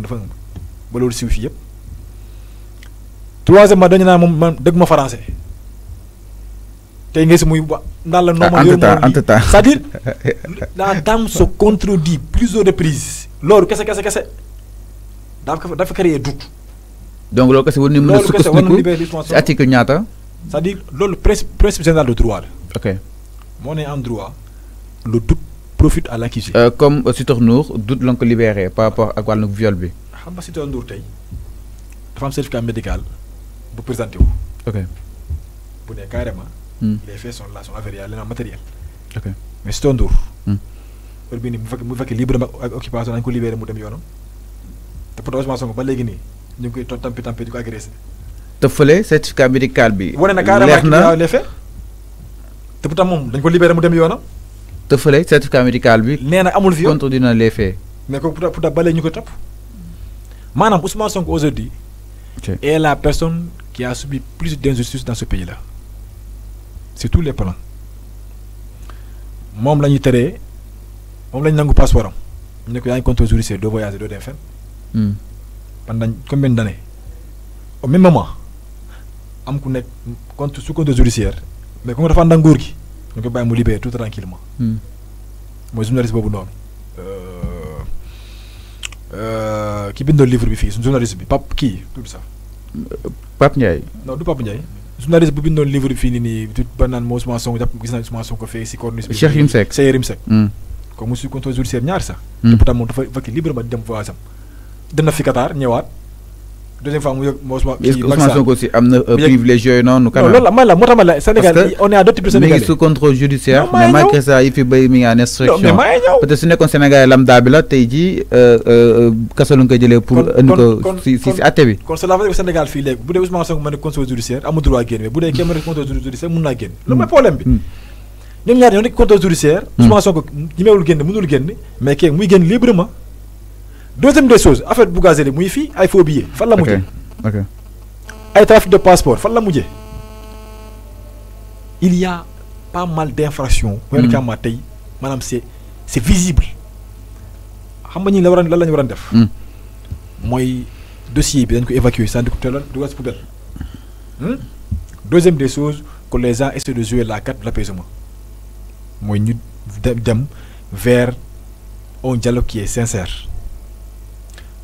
de dafa ba loolu siw troisièmement dañu naan français tey muy la cest dire la dame se contredit plusieurs reprises loolu kese créer doute donc loolu kese mën a C'est article ñaata cest dire principe de droit ok en droit le profite à l'accusé. Euh, comme euh, Sitor Nour doute lañ ko libéré par rapport ak wàllu viol bi. xam nga Sitor Nour tey dafa am certificat médical pour présenter. wu. ok bu ne carrément. Hmm. les faits sont là sont avérés leneen matériel. ok mais Sitor Nour. Hmm. heure bii nii bu fekkee bu fekkee libre ak occupation dañ ko libéré mu dem yoonam te pourtant Ousmane Sonko ba léegi nii ñu ngi koy toog tampi tampi di ko agressé. te fële certificat médical bi. leer na wane na carrément les faits te pourtant moom dañ ko libéré mu dem yoonam te feulé certificat médical bi. néna amul viol contre dina les faits. mais ko pour pour balé ñuko top manam Ousmane Sonko aujourd'hui est la personne qui a subi plus d'injustice dans ce pays là c'est tous les plans mom lañu téré mom lañ nangu passeportam am ne ko yaa contre compte judiciaire voyager doo dem hmm pendant combien d'années au même moment am ku nek contre su compte judiciaire mais ku nga dafa ànd ak gi. ñu ko bàyyi mu libéré tout tranquillement hmm. mooy journaliste boobu noonu euh, euh, ki bindoon livre bi fii suñu journaliste bi Pape kii tudd sax Pape Ndiaye non du Pape Ndiaye journaliste bu bindoon livre bi fii nii nii du ba naan moo Ousmane Sonko jàpp gis naa Ousmane Sonko fee si corniche bi Cheikh Yérim Seck Cheikh Yérim Seck hmm. comme mu si contrôle ñaari sax hmm. te pourtant moom dafa vakki librement di dem voyage am dana fi Qatar ñëwaat deuxième fois mu yëg moo Ousmane. kii Ousmane Sonko aussi am na privilège non nous quand même là loolu la Sénégal on est à deux types de Sénégalais mais ngi sous contrôle judiciaire. mais malgré ça yi fi béy mi ngi en instruction. peut-être ce n'est qu'un Sénégal lambda bi la tey jii euh, euh, euh la ñu koy jélé pour indi ko si si atté bi. kon cela veut dire que Sénégal fi légue bu dee Ousmane Sonko mané ne contrôle judiciaire amul droit génn mais bu dee kenn ma ne contrôle judiciaire mun naa le loolu hmm. problème bi. Hmm. ñoom ñaar ñoo nekk contrôle judiciaire. Hmm. Ousmane Sonko ñi meul génn mënul génn mais kii muy guen librement deuxième des choses affaire Bougazelli muy fi ay faux billets fan la mujjee. ok ay trafic de passeport fan la mujjee. il y a pas mal d'infractions infractions. Hmm. wér kàmmaa tey maanaam c' est visible. xam nga ñi la war a lan la ñu war def. moy hmm. dossier bi dañ ko évacuer sans di ko du dugal si poubelle. Hmm? deuxième des choses que les gens essaient de jouer la carte de l' apaisement ñu dem vers un dialogue qui est sincère.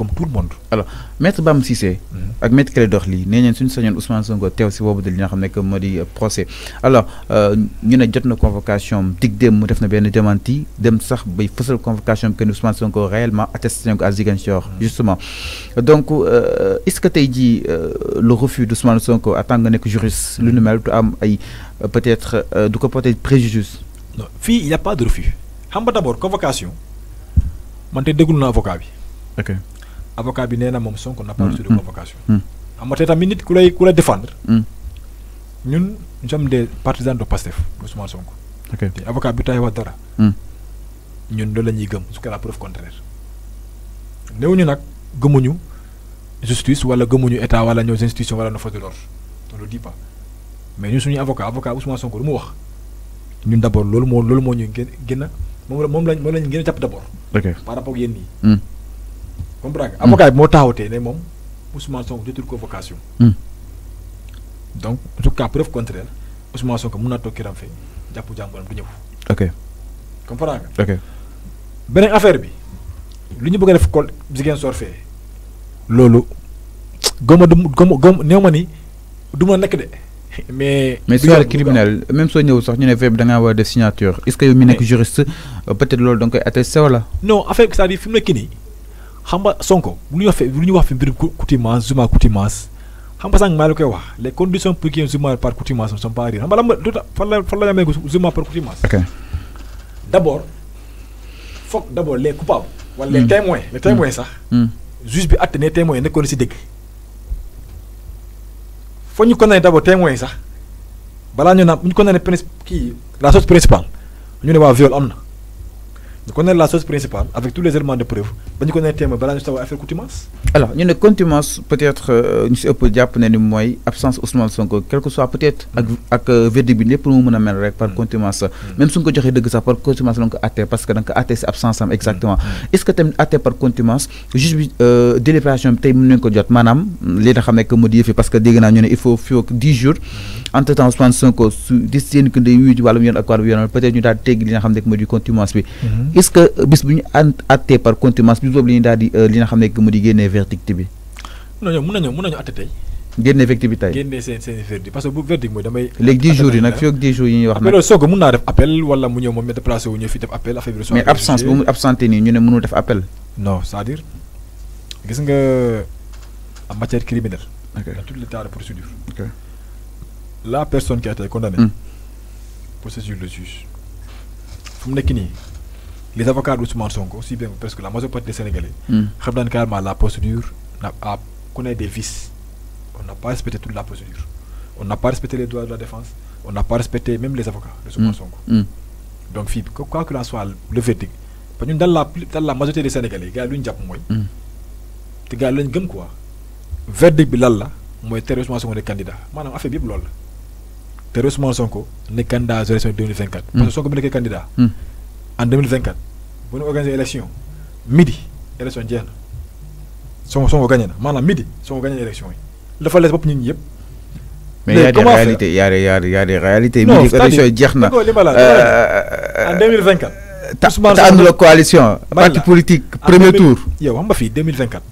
comme tout le monde. alors maître Bam Cissé. Mhm. avec maître Clédor Ly nee une suñu Ousmane Sonko teew si de l'armée comme dit procès alors nous euh, ne jot nos convocation dig dem mu def na benn démenti dem sax bay une convocation que nous Ousmane Sonko réellement attesté à Zigan à mhm. justement donc euh, est ce que tey dit euh, le refus d'Ousmane Ousmane Sonko à tant que juriste mhm. lu peut être de peut-être préjudice. non il n'y a pas de refus xam d'abord convocation man suis un avocat ok avocat bi nee na moom Sonko n'a pas reçu de mm, mm, convocation. Mm. amatee tamit minute, ku lay ku lay défendre. ñun nous sommes des partisans de Pastef Ousmane Sonko. ok te avocat bi tay wax dara. ñun loolu la ñuy gëm jusqu'à la preuve contraire. néewuñu nag gëmuñu justice wala gëmuñu état wala ñoo institution wala nos forces de on le dit pas mais ñun suñu avocat avocat Ousmane Sonko lu mu wax ñun d'abord loolu moo loolu moo ñu gën gën a moom la moom lañ gën a jàpp d'abord. par rapport ak yéen ñii comprendre nga avocat bi moo taxawatee ne moom Ousmane Sonko jotul convocation. Hmm. donc en tout cas preuve contraire Ousmane Sonko muna naa toog kiram fe jàpp jàmburam du ñëw. ok comprendre nga. ok benen affaire bi lu ñu bëgg def col Ziguinchor sorfé lolu goma du goma goma néew ni duma nek dé mais mais soit criminel même so ñew sax ñu né feeb da nga war a def signature est-ce que yow mi nekk juriste peut-être lolu da nga koy attesté wala. non affaire bi c'est-à-dire fi mu nekk xam Sonko bu ñu wax fi bu ñu wax fi mbirum Coutumance Zuma Coutumance xam nga sànq maa la koy wax les conditions pour que Zuma par Coutumance ne sont pas réelles xam nga lan mooy tota, fan la fan la ñu amee Zuma par Coutumance. ok d' abord foog d' abord les coupables. wala les mm. témoins les témoins mm. sax. Mm. juge bi àtte ne témoins yi nekkoon si dëgg. foog ñu condamné d' abord témoins yi sax balaa ñu naan bu ñu condamné principe kii la source principale ñu ne waa viol am na ñu connaître la source principale avec tous les éléments de preuve ba ñu ko nee téeméer balaa ñu taw affaire contumace. alors ñu ne contumace peut-être euh, ñu si ëpp jàpp na ni mooy absence Ousmane Sonko quel que soit peut-être ak ak euh, verdict pour lépp mu mën a mel rek par mm. contumace mm. même suñ ko joxee dëgg sax par contumace donc nga parce que donc nga ko absence exactement mm. est-ce que tamit àttee par contumace juste bi euh, délibération bi tey mën nañu ko jot maanaam li nga xam ne que modifié parce que dégg naa ñu ne il faut fii ak 10 jours entre temps Ousmane Sonko su des seen kii day wuyu ci wàllum yoon ak wàllum peut-être ñu daal di tegg li nga xam ne que mooy contumace bi est-ce que bis buñu atté par contumance bis boobu la ñuy daal euh, li nga xamné ne mu di génnee verdict bi. non ñoom mun nañoo mun nañu àtte tey. génne verdict bi tey génne seen seen verdict parce que bu verdict moy damay. léegi 10 jours yi nag fii 10 jours yi ñuy wax nak mais loolu soog mun def appel wala mu ñëw mom ñu déplacé wu ñëw fi def appel affaire bi. mais absence bu mu absenté ni ñu ne mënul def appel. non c'est-à-dire gis nga en matière criminelle. ok dans tout l'état de procédure. ok la personne qui a été condamnée. Hmm. procédure le juge fu mu nekk nii les avocats de d'Ousmane Sonko, aussi bien presque que la majorité des Sénégalais, hmm. la procédure a, connaît des vices. On n'a pas respecté toute la procédure. On n'a pas respecté les droits de la défense. On n'a pas respecté même les avocats de Ousmane hmm. Sonko. Hmm. Donc, quoi que l'on soit, le verdict, dans la, dans la majorité des Sénégalais, il y a l'une diap moi. Il y a quoi. Verdict c'est moi, terrorisme Sonko est candidat. on a fait bien l'ol. Terrorisme Sonko n'est candidat à 2024. Parce que Sonko est candidat en 2024 Bonne organisation élection midi élection jeex na Sonko Sonko gagné na midi Sonko gagné élection yi dafa lees bopp nit ñi mais y a des réalités il y a des y a des réalités. non midi élection yi euh, euh, en 2024. Ousmane ta àndul coalition. parti politique premier tour. yow xam va fii 2024.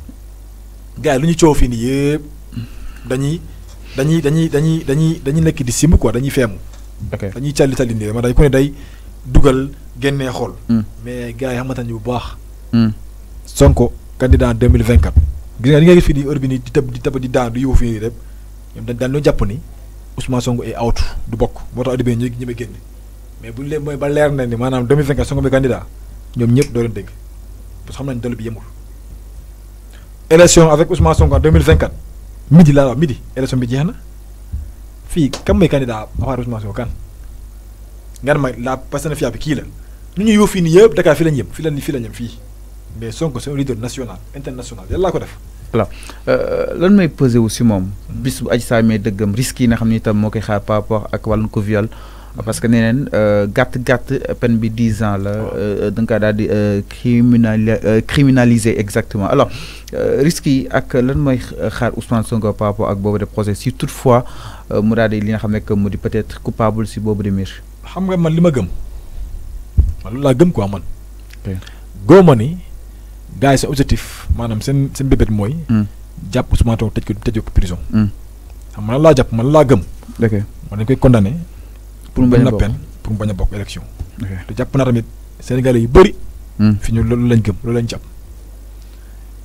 gars nous lu ñu coow fii nii yëpp dañuy dañuy dañuy dañuy dañuy dañuy nekk di sim quoi dañuy feemu. dañuy calli calli nii ma dañ ko ne day dougal génnee xool. Hmm. mais gars yi xamantan ne bu baax. Hmm. Sonko candidat deux mille vingt quatre. gis nga li nga gis fii di heure bi nii di tëb di tëb di daan di yóbbu fii nii rek ñoom jàpp ni Ousmane Sonko ay out du bokk moo tax auditeurs yi mais bu leen mooy ba leer na ni maanaam deux mille vingt quatre Sonko bi candidat ñoom ñëpp doo leen dégg parce que xam nañ dëll bi yemul. élection avec Ousmane Sonko en deux mille vingt quatre midi laa wax midi bi jeex na fii kan mooy candidat à part Sonko kan. nga ne ma la personne fiable kii nous yofini je Dakar fi la mais Sonko c'est un leader national international yàlla ko def. voilà euh, lan may pesé wu si moom. bis bu mee dëggam risques yi xaar par rapport ak wàllum viol mm-hmm. parce que neneen euh, gàtt gàtt peine bi dix ans la. Euh, da nga criminaliser exactement alors risque yi ak lan mooy xaar Ousmane Sonko par rapport ak boobu de si toutefois mu daal di li nga xam peut-être coupable si boobu de Mir. xam man loolu laa gëm quoi man. góob ni gars yi seen objectif maanaam seen seen bébét mooy. Hmm. jàpp Ousmane Sonko tëj ko tëj ko prison. Hmm. xam man laa jàpp man laa gëm. ok man dañ koy condamné. pour mu bañ a bokk pour mu bañ a bokk élection. te jàpp naa tamit sénégalais yu bëri. Hmm. fi ñu loolu lañ gëm loolu lañ jàpp.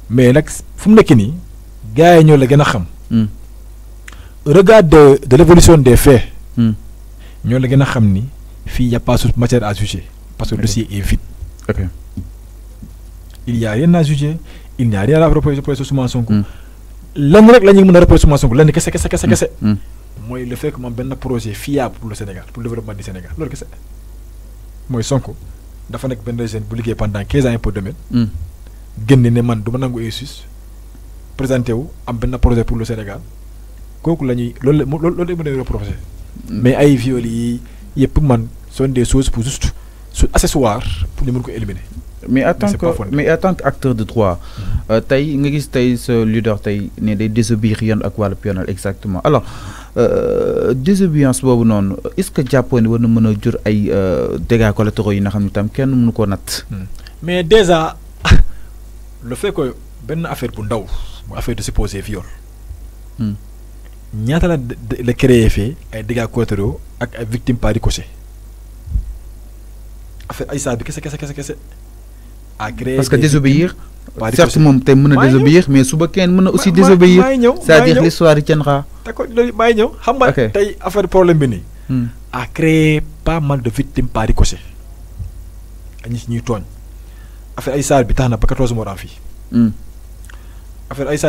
mais nag fu mu nekk nii gars yi ñoo la gën a xam. regard de de l'évolution des faits. ñoo la gën a xam ni fii y a pas matière à juger parce que le dossier est vide. Okay. Il n'y a rien à juger, il n'y a rien à reprocher pour les Sonko. Hmm. L'un rek la ñuy mën a qu'est-ce Sonko lenn qu'est-ce kese kese. Hmm. Hmm. Moi, le fait que ben am projet fiable pour le Sénégal pour le développement du Sénégal que c'est Moi, Sonko dafa que ben jeune bu liggéey pendant quinze ans impôt domaine. génne ne man du ma nangu ESUS présenté wu am benn projet pour le Sénégal kooku la ñuy loolu la loolu la mën a reprocher. mais ay viol yi man sont des choses pour juste su accessoire pour les mouvements éliminés. mais attends, mais attends, acteur de droit. Euh, taï, nga gis ce sa leader taï n'est des désobéir à ak le yoonal exactement alors euh, désobéissance ou non, est-ce que jàppoo ne war na mën a jur ay euh, dégâts collatéraux yi n'a xam ne tam kenn mënu koo natt. Hmm. mais déjà le fait que ben affaire pour ndaw affaire de supposé viol. Hmm. ñaata la la créé fait ay dégâts collatéraux ak ay victimes par ricochet affaire ay ce qu'est-ce qu'est-ce parce que désobéir. a mais aussi désobéir. c'est-à-dire l'histoire d'accord affaire problème Il hmm. a créé pas mal de victimes par ricochet. ñi Newton affaire ay de victimes tax na 14 a hmm. affaire ay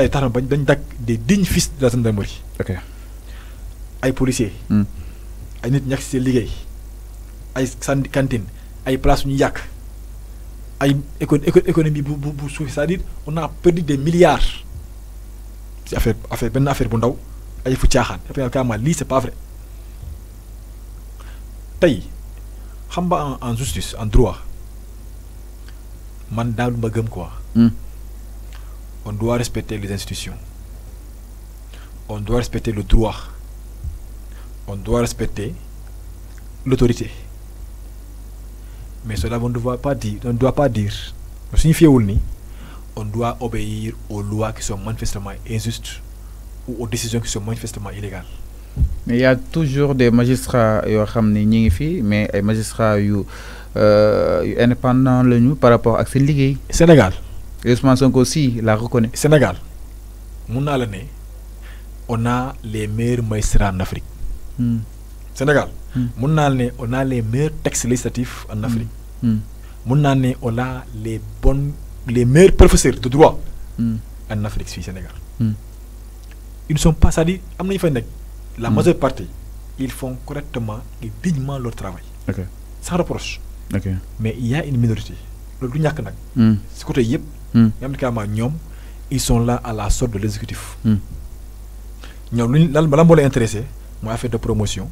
il des fils de la ok policiers. Hmm. ay nit victimes. Il ay place ñu yàq ay économie bu bu bu c'est-à-dire on a perdu des milliards ci affaire affaire ben affaire bu ndaw ay fu après c'est pas vrai Taï, en justice en droit man quoi. Hmm. on doit respecter les institutions on doit respecter le droit on doit respecter l'autorité mais cela on ne doit pas dire, on ne doit pas dire, on signifie on doit obéir aux lois qui sont manifestement injustes ou aux décisions qui sont manifestement illégales. Mais il y a toujours des magistrats qui sont euh, indépendants mais magistrats par rapport à ce au Sénégal. pense que aussi la reconnaît. Sénégal on a les meilleurs magistrats en Afrique. Hmm. Sénégal hmm. on a les meilleurs textes législatifs en hmm. Afrique hmm. on a les bonnes les meilleurs professeurs de droit en Afrique au Sénégal ils ne sont pas ça la majeure partie ils font correctement et dignement leur travail sans reproche mais il y a une minorité ce côté là ils sont là à la sorte de l'exécutif ñoom luñ la Moi, intéressé de promotion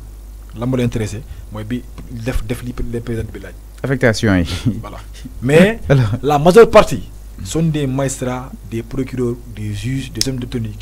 lan ma intéressé mooy bi def def li le président bi laaj. affectation yi. voilà mais la majeure partie. sont des magistrats des procureurs des juges des hommes de tenue